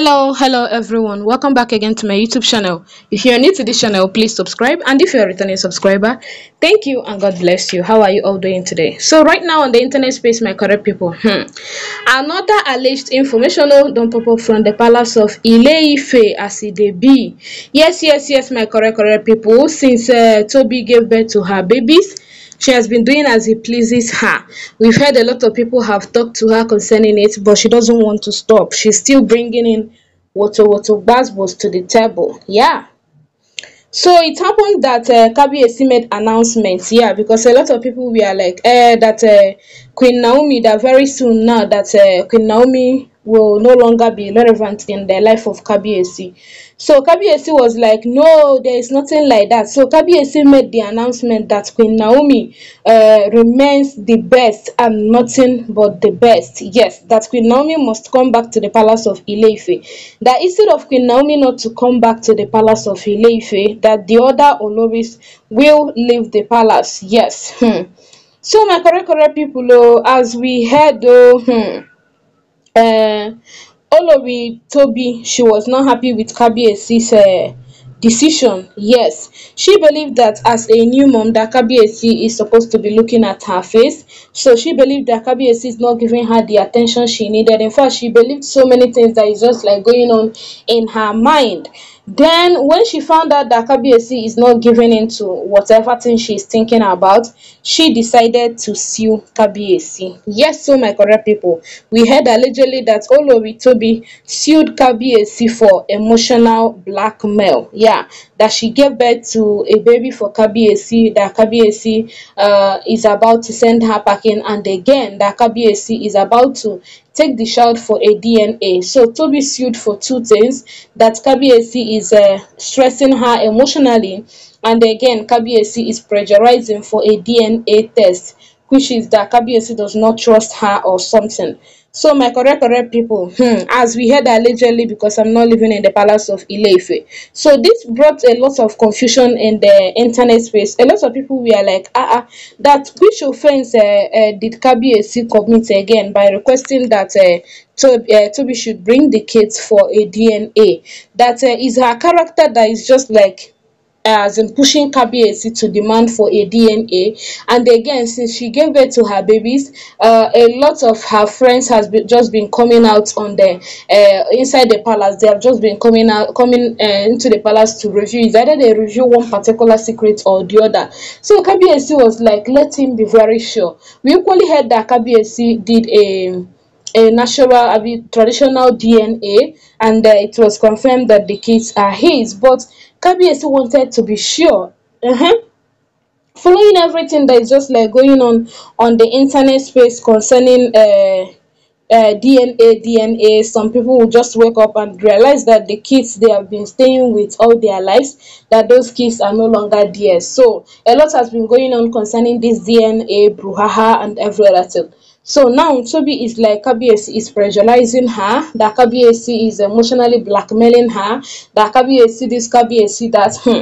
hello hello everyone welcome back again to my youtube channel if you're new to this channel please subscribe and if you're a returning subscriber thank you and god bless you how are you all doing today so right now on the internet space my correct people hmm, another alleged informational don't pop up from the palace of Ile-Ife as it be yes yes yes my correct correct people since uh, toby gave birth to her babies she has been doing as he pleases her. We've heard a lot of people have talked to her concerning it, but she doesn't want to stop. She's still bringing in water, water, Basbos to the table. Yeah. So it happened that uh, Kabiesi made announcements, yeah, because a lot of people were like, eh, that uh, Queen Naomi, that very soon now, that uh, Queen Naomi will no longer be relevant in the life of KBAC. So KBAC was like, no, there is nothing like that. So KBAC made the announcement that Queen Naomi uh, remains the best and nothing but the best. Yes, that Queen Naomi must come back to the palace of Ileife. That instead of Queen Naomi not to come back to the palace of Ileife, that the other Olobis will leave the palace. Yes. Hmm. So my correct correct people, oh, as we heard, oh, hmm, um olori toby she was not happy with kabiyesi's uh, decision yes she believed that as a new mom, that kabiyesi is supposed to be looking at her face so she believed that kabiyesi is not giving her the attention she needed in fact she believed so many things that is just like going on in her mind then, when she found out that Kabiesi is not giving in to whatever thing she's thinking about, she decided to sue Kabiesi. Yes, so my correct people, we heard allegedly that Olori Toby sued Kabiesi for emotional blackmail. Yeah, that she gave birth to a baby for Kabiesi, that Kabiesi uh, is about to send her packing, and again, that Kabiesi is about to take the child for a DNA. So Toby sued for two things that KBAC is uh, stressing her emotionally and again KBAC is pressurizing for a DNA test which is that Kabiyesi does not trust her or something. So my correct correct people, hmm, as we heard allegedly because I'm not living in the palace of Ileife. So this brought a lot of confusion in the internet space. A lot of people were like, ah, uh -uh, that which offense uh, uh, did Kabiyesi commit again by requesting that uh, eh, Toby, uh, Toby should bring the kids for a DNA. That uh, is her character that is just like as in pushing Kabiesi to demand for a DNA. And again, since she gave birth to her babies, uh, a lot of her friends has be, just been coming out on the uh, inside the palace. They have just been coming out, coming uh, into the palace to review. It's either they review one particular secret or the other. So Kabiesi was like, let him be very sure. We equally heard that Kabiesi did a a natural a traditional DNA and uh, it was confirmed that the kids are his but KBS wanted to be sure. Uh-huh. Following everything that is just like going on on the internet space concerning uh, uh, DNA, DNA. Some people will just wake up and realize that the kids they have been staying with all their lives, that those kids are no longer theirs. So a lot has been going on concerning this DNA, brouhaha, and every other thing. So now Toby is like KBSC is pressurizing her, that KBSC is emotionally blackmailing her, that KBSC this, KBSC that. Hmm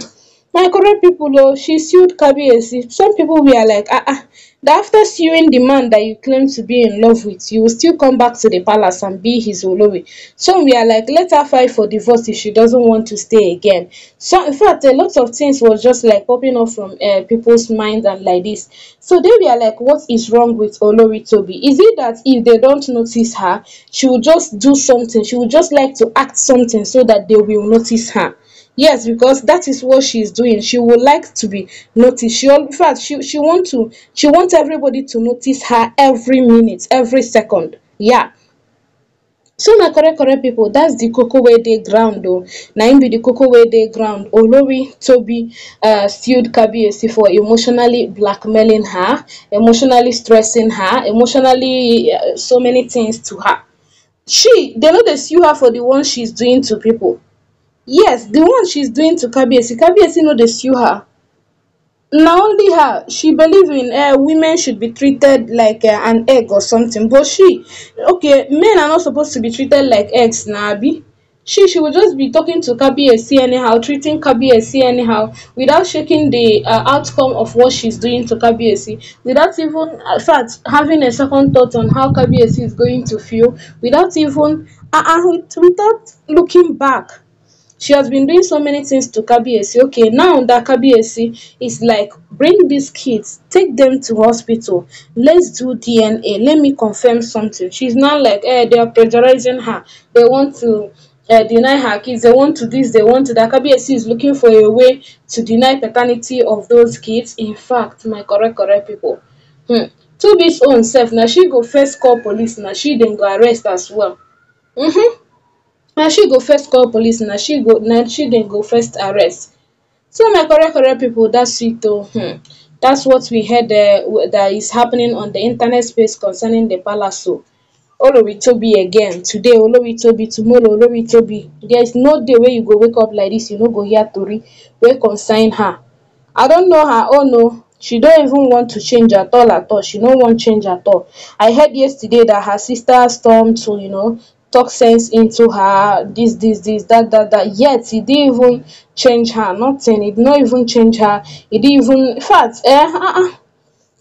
my correct people oh she sued kabiyesi some people were like ah ah that after suing the man that you claim to be in love with you will still come back to the palace and be his olori some are like let her fight for divorce if she doesn't want to stay again so in fact a lot of things was just like popping up from uh, people's minds and like this so they were like what is wrong with olori toby is it that if they don't notice her she will just do something she will just like to act something so that they will notice her yes because that is what she is doing she would like to be noticed she in fact she, she want to she wants everybody to notice her every minute every second yeah so my correct correct people that's the cocoa where they ground though now be the cocoa where they ground olori toby uh sued kabiesi for emotionally blackmailing her emotionally stressing her emotionally uh, so many things to her she they know they sue her for the one she's doing to people Yes, the one she's doing to Kabiesi, Kabiesi know they sue her. Not only her, she believe in uh, women should be treated like uh, an egg or something. But she, okay, men are not supposed to be treated like eggs Nabi. She, she will just be talking to Kabiesi anyhow, treating Kabiesi anyhow, without shaking the uh, outcome of what she's doing to Kabiesi, without even, in fact, having a second thought on how Kabiesi is going to feel, without even, uh, uh, without looking back she has been doing so many things to Kabiesi. Okay, now that Kabiesi is like, bring these kids, take them to hospital, let's do DNA, let me confirm something. She's not like, eh, they are pressurizing her. They want to uh, deny her kids. They want to this, they want to that. KBSC is looking for a way to deny paternity of those kids. In fact, my correct, correct people. Hmm. To be own self, now she go first call police, now she then go arrest as well. Mm-hmm. na she go first call police na she go na she dem go first arrest so my correct correct people that's it oh hmm that's what we heard uh, that is happening on the internet space concerning the palace oh oloritobi again today oloritobi tomorrow oloritobi there is no day wey you go wake up like this you no go hear tori wey concern her i don't know her own oh she don't even want to change at all at all she no wan change at all i heard yesterday that her sister stormed to you know talk sense into her this this this that that that yet he didn't even change her nothing he did not even change her he didn't even in fact eh, uh, uh, uh,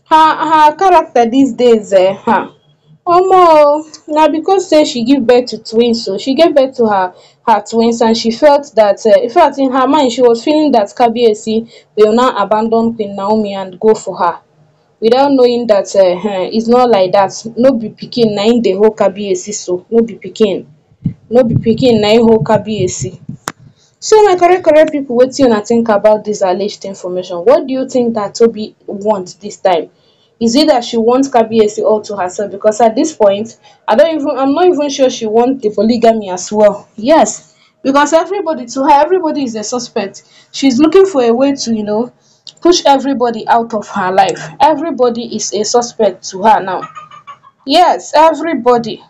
her her character these days eh, huh? omo Now because say eh, she give birth to twins so she gave birth to her her twins and she felt that uh, in fact in her mind she was feeling that kabiyesi will now abandon queen naomi and go for her without knowing that uh, it's not like that no be picking nine the whole K B A C so no be picking, no be picking nine whole K B A C. so my correct correct people wetin una think about this alleged information what do you think that Toby wants this time is it that she wants K B A C all to herself because at this point i don't even i'm not even sure she wants the polygamy as well yes because everybody to her everybody is a suspect she's looking for a way to you know push everybody out of her life. Everybody is a suspect to her now. Yes, everybody.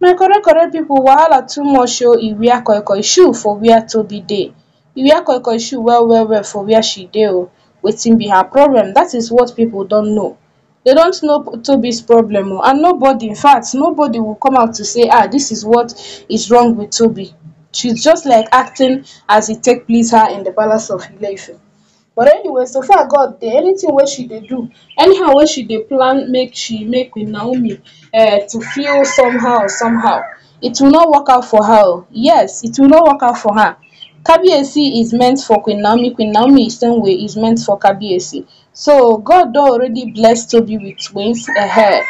My correct correct people are too much show oh, e wear koi koi shoe for where Toby dey. we wear koi koi shoe well well well for where she dey o. Oh, seem be her problem? That is what people don't know. They don't know Toby's problem o oh, and nobody in fact nobody will come out to say ah this is what is wrong with Toby. She's just like acting as it take place her in the palace of ile but anyway so far god the anything wey she dey do anyhow wey she dey plan make she make with naomi uh, to feel somehow somehow it will not work out for her yes it will not work out for her kbac is meant for queen naomi queen naomi same way is meant for kbac so God already blessed Toby with twins Uh, eh, eh,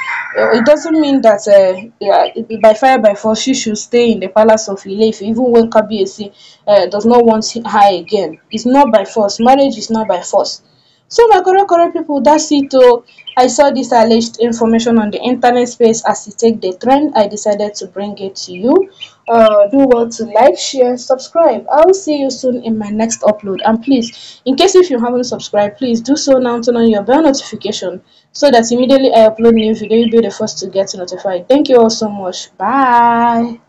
it doesn't mean that uh, yeah, by fire by force she should stay in the palace of Ilefe, even when Kabiesi uh, does not want her again. It's not by force. Marriage is not by force. So my current current people, that's it oh. I saw this alleged information on the internet space as it take the trend. I decided to bring it to you. Uh, do well to like, share, subscribe. I will see you soon in my next upload. And please, in case if you haven't subscribed, please do so now. Turn on your bell notification so that immediately I upload new video, you'll be the first to get notified. Thank you all so much. Bye.